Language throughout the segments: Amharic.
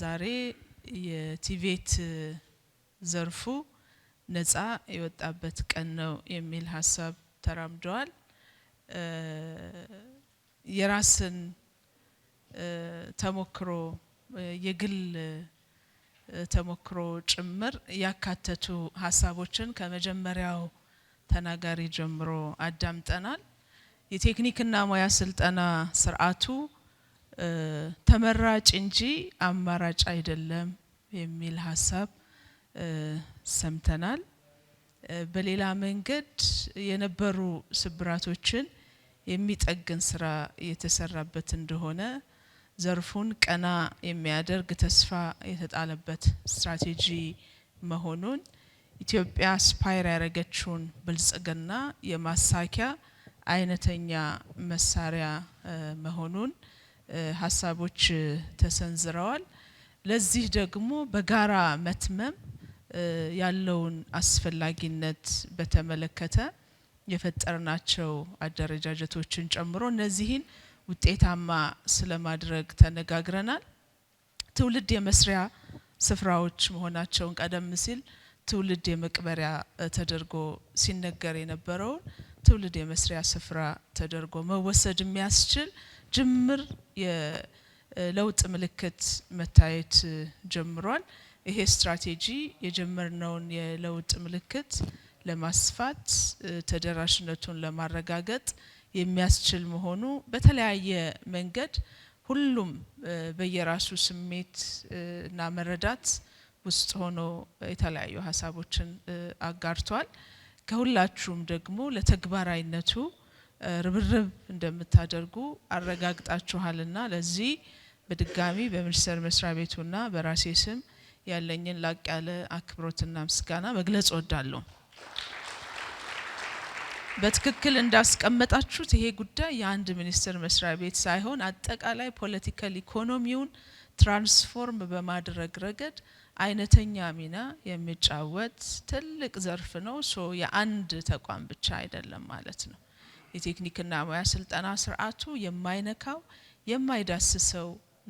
ዛሬ የቲቬት ዘርፉ ነፃ የወጣበት ቀን ነው የሚል ሀሳብ ተራምደዋል። የራስን ተሞክሮ የግል ተሞክሮ ጭምር ያካተቱ ሀሳቦችን ከመጀመሪያው ተናጋሪ ጀምሮ አዳምጠናል። የቴክኒክና ሙያ ስልጠና ስርዓቱ ተመራጭ እንጂ አማራጭ አይደለም የሚል ሀሳብ ሰምተናል። በሌላ መንገድ የነበሩ ስብራቶችን የሚጠግን ስራ የተሰራበት እንደሆነ ዘርፉን ቀና የሚያደርግ ተስፋ የተጣለበት ስትራቴጂ መሆኑን ኢትዮጵያ አስፓይር ያደረገችውን ብልጽግና የማሳኪያ አይነተኛ መሳሪያ መሆኑን ሀሳቦች ተሰንዝረዋል። ለዚህ ደግሞ በጋራ መትመም ያለውን አስፈላጊነት በተመለከተ የፈጠርናቸው አደረጃጀቶችን ጨምሮ እነዚህን ውጤታማ ስለማድረግ ተነጋግረናል። ትውልድ የመስሪያ ስፍራዎች መሆናቸውን ቀደም ሲል ትውልድ የመቅበሪያ ተደርጎ ሲነገር የነበረውን ትውልድ የመስሪያ ስፍራ ተደርጎ መወሰድ የሚያስችል ጅምር የለውጥ ምልክት መታየት ጀምሯል። ይሄ ስትራቴጂ የጀመርነውን የለውጥ ምልክት ለማስፋት ተደራሽነቱን ለማረጋገጥ የሚያስችል መሆኑ በተለያየ መንገድ ሁሉም በየራሱ ስሜት እና መረዳት ውስጥ ሆኖ የተለያዩ ሀሳቦችን አጋርቷል። ከሁላችሁም ደግሞ ለተግባራዊነቱ ርብርብ እንደምታደርጉ አረጋግጣችኋልና ለዚህ በድጋሚ በሚኒስቴር መስሪያ ቤቱና በራሴ ስም ያለኝን ላቅ ያለ አክብሮትና ምስጋና መግለጽ እወዳለሁ። በትክክል እንዳስቀመጣችሁት ይሄ ጉዳይ የአንድ ሚኒስቴር መስሪያ ቤት ሳይሆን አጠቃላይ ፖለቲካል ኢኮኖሚውን ትራንስፎርም በማድረግ ረገድ አይነተኛ ሚና የሚጫወት ትልቅ ዘርፍ ነው። ሶ የአንድ ተቋም ብቻ አይደለም ማለት ነው። የቴክኒክና ሙያ ስልጠና ስርዓቱ የማይነካው የማይዳስሰው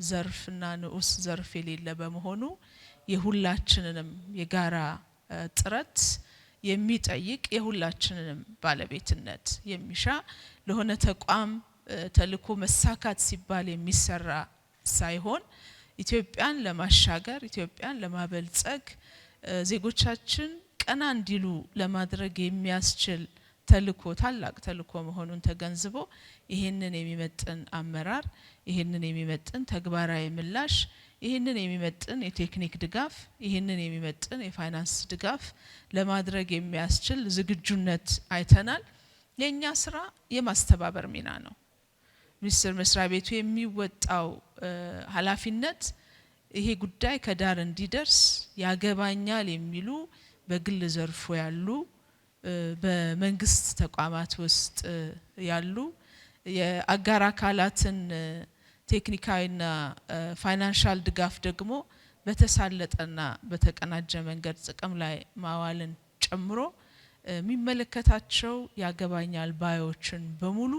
ዘርፍና ንዑስ ዘርፍ የሌለ በመሆኑ የሁላችንንም የጋራ ጥረት የሚጠይቅ የሁላችንንም ባለቤትነት የሚሻ ለሆነ ተቋም ተልኮ መሳካት ሲባል የሚሰራ ሳይሆን ኢትዮጵያን ለማሻገር ኢትዮጵያን ለማበልጸግ ዜጎቻችን ቀና እንዲሉ ለማድረግ የሚያስችል ተልእኮ ታላቅ ተልእኮ መሆኑን ተገንዝቦ ይህንን የሚመጥን አመራር፣ ይህንን የሚመጥን ተግባራዊ ምላሽ፣ ይህንን የሚመጥን የቴክኒክ ድጋፍ፣ ይህንን የሚመጥን የፋይናንስ ድጋፍ ለማድረግ የሚያስችል ዝግጁነት አይተናል። የእኛ ስራ የማስተባበር ሚና ነው። ሚኒስቴር መስሪያ ቤቱ የሚወጣው ኃላፊነት ይሄ ጉዳይ ከዳር እንዲደርስ ያገባኛል የሚሉ በግል ዘርፎ ያሉ በመንግስት ተቋማት ውስጥ ያሉ የአጋር አካላትን ቴክኒካዊና ፋይናንሻል ድጋፍ ደግሞ በተሳለጠና በተቀናጀ መንገድ ጥቅም ላይ ማዋልን ጨምሮ የሚመለከታቸው ያገባኛል ባዮችን በሙሉ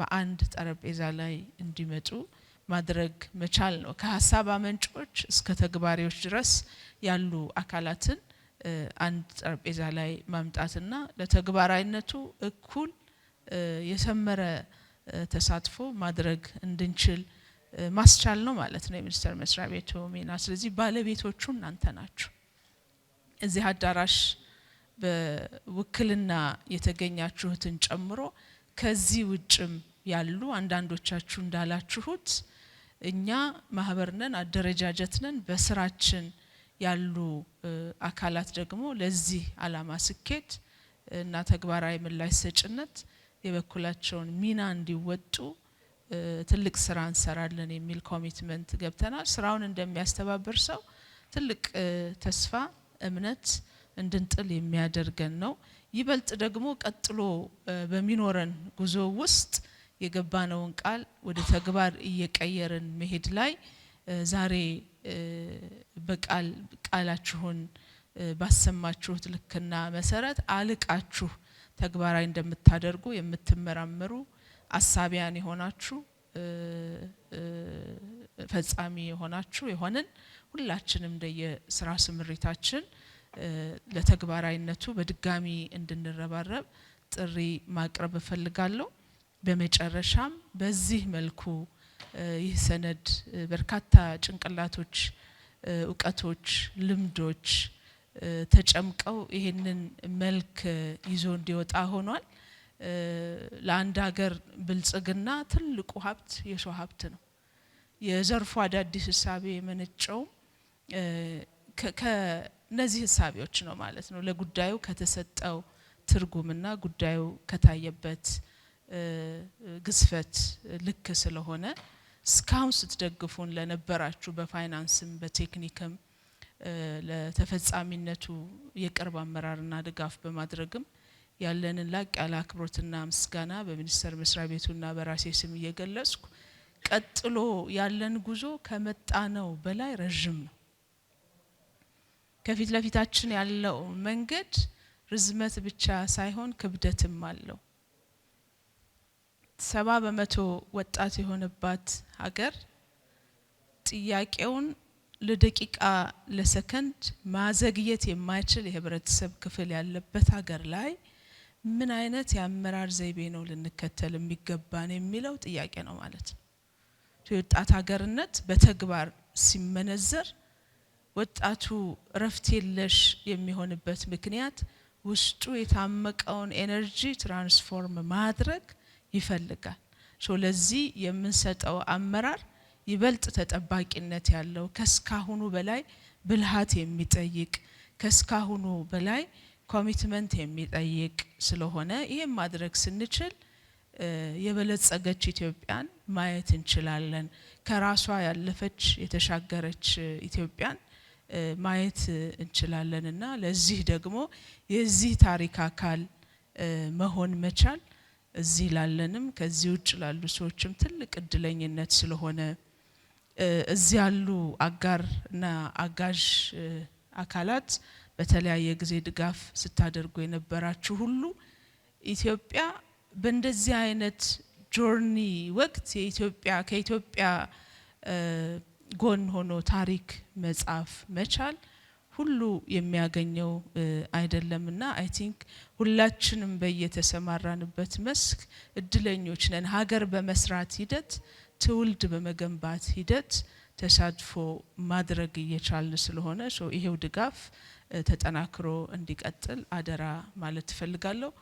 በአንድ ጠረጴዛ ላይ እንዲመጡ ማድረግ መቻል ነው። ከሀሳብ አመንጮች እስከ ተግባሪዎች ድረስ ያሉ አካላትን አንድ ጠረጴዛ ላይ ማምጣትና ለተግባራዊነቱ እኩል የሰመረ ተሳትፎ ማድረግ እንድንችል ማስቻል ነው ማለት ነው የሚኒስቴር መስሪያ ቤቱ ሚና። ስለዚህ ባለቤቶቹ እናንተ ናችሁ። እዚህ አዳራሽ በውክልና የተገኛችሁትን ጨምሮ ከዚህ ውጭም ያሉ አንዳንዶቻችሁ እንዳላችሁት እኛ ማህበርነን አደረጃጀትነን በስራችን ያሉ አካላት ደግሞ ለዚህ ዓላማ ስኬት እና ተግባራዊ ምላሽ ሰጭነት የበኩላቸውን ሚና እንዲወጡ ትልቅ ስራ እንሰራለን የሚል ኮሚትመንት ገብተናል። ስራውን እንደሚያስተባብር ሰው ትልቅ ተስፋ እምነት እንድንጥል የሚያደርገን ነው። ይበልጥ ደግሞ ቀጥሎ በሚኖረን ጉዞ ውስጥ የገባነውን ቃል ወደ ተግባር እየቀየርን መሄድ ላይ ዛሬ በቃል ቃላችሁን ባሰማችሁት ልክና መሰረት አልቃችሁ ተግባራዊ እንደምታደርጉ የምትመራመሩ አሳቢያን የሆናችሁ ፈጻሚ የሆናችሁ የሆንን ሁላችንም እንደየ ስራ ስምሪታችን ለተግባራዊነቱ በድጋሚ እንድንረባረብ ጥሪ ማቅረብ እፈልጋለሁ። በመጨረሻም በዚህ መልኩ ይህ ሰነድ በርካታ ጭንቅላቶች፣ እውቀቶች፣ ልምዶች ተጨምቀው ይህንን መልክ ይዞ እንዲወጣ ሆኗል። ለአንድ ሀገር ብልጽግና ትልቁ ሀብት የሰው ሀብት ነው። የዘርፉ አዳዲስ እሳቤ የመነጨውም ከነዚህ እሳቤዎች ነው ማለት ነው። ለጉዳዩ ከተሰጠው ትርጉምና ጉዳዩ ከታየበት ግዝፈት ልክ ስለሆነ እስካሁን ስትደግፉን ለነበራችሁ በፋይናንስም በቴክኒክም ለተፈጻሚነቱ የቅርብ አመራርና ድጋፍ በማድረግም ያለንን ላቅ ያለ አክብሮትና ምስጋና በሚኒስቴር መስሪያ ቤቱና በራሴ ስም እየገለጽኩ ቀጥሎ ያለን ጉዞ ከመጣነው በላይ ረዥም ነው። ከፊት ለፊታችን ያለው መንገድ ርዝመት ብቻ ሳይሆን ክብደትም አለው። ሰባ በመቶ ወጣት የሆነባት ሀገር ጥያቄውን ለደቂቃ ለሰከንድ ማዘግየት የማይችል የህብረተሰብ ክፍል ያለበት ሀገር ላይ ምን አይነት የአመራር ዘይቤ ነው ልንከተል የሚገባን የሚለው ጥያቄ ነው ማለት ነው። የወጣት ሀገርነት በተግባር ሲመነዘር ወጣቱ እረፍት የለሽ የሚሆንበት ምክንያት ውስጡ የታመቀውን ኤነርጂ ትራንስፎርም ማድረግ ይፈልጋል። ለዚህ የምንሰጠው አመራር ይበልጥ ተጠባቂነት ያለው ከስካሁኑ በላይ ብልሃት የሚጠይቅ ከስካሁኑ በላይ ኮሚትመንት የሚጠይቅ ስለሆነ ይህም ማድረግ ስንችል የበለጸገች ኢትዮጵያን ማየት እንችላለን። ከራሷ ያለፈች የተሻገረች ኢትዮጵያን ማየት እንችላለን እና ለዚህ ደግሞ የዚህ ታሪክ አካል መሆን መቻል እዚህ ላለንም ከዚህ ውጭ ላሉ ሰዎችም ትልቅ እድለኝነት ስለሆነ እዚህ ያሉ አጋር እና አጋዥ አካላት በተለያየ ጊዜ ድጋፍ ስታደርጉ የነበራችሁ ሁሉ ኢትዮጵያ በእንደዚህ አይነት ጆርኒ ወቅት የኢትዮጵያ ከኢትዮጵያ ጎን ሆኖ ታሪክ መጻፍ መቻል ሁሉ የሚያገኘው አይደለምና አይ ቲንክ ሁላችንም በየተሰማራንበት መስክ እድለኞች ነን። ሀገር በመስራት ሂደት፣ ትውልድ በመገንባት ሂደት ተሳትፎ ማድረግ እየቻልን ስለሆነ ይሄው ድጋፍ ተጠናክሮ እንዲቀጥል አደራ ማለት እፈልጋለሁ።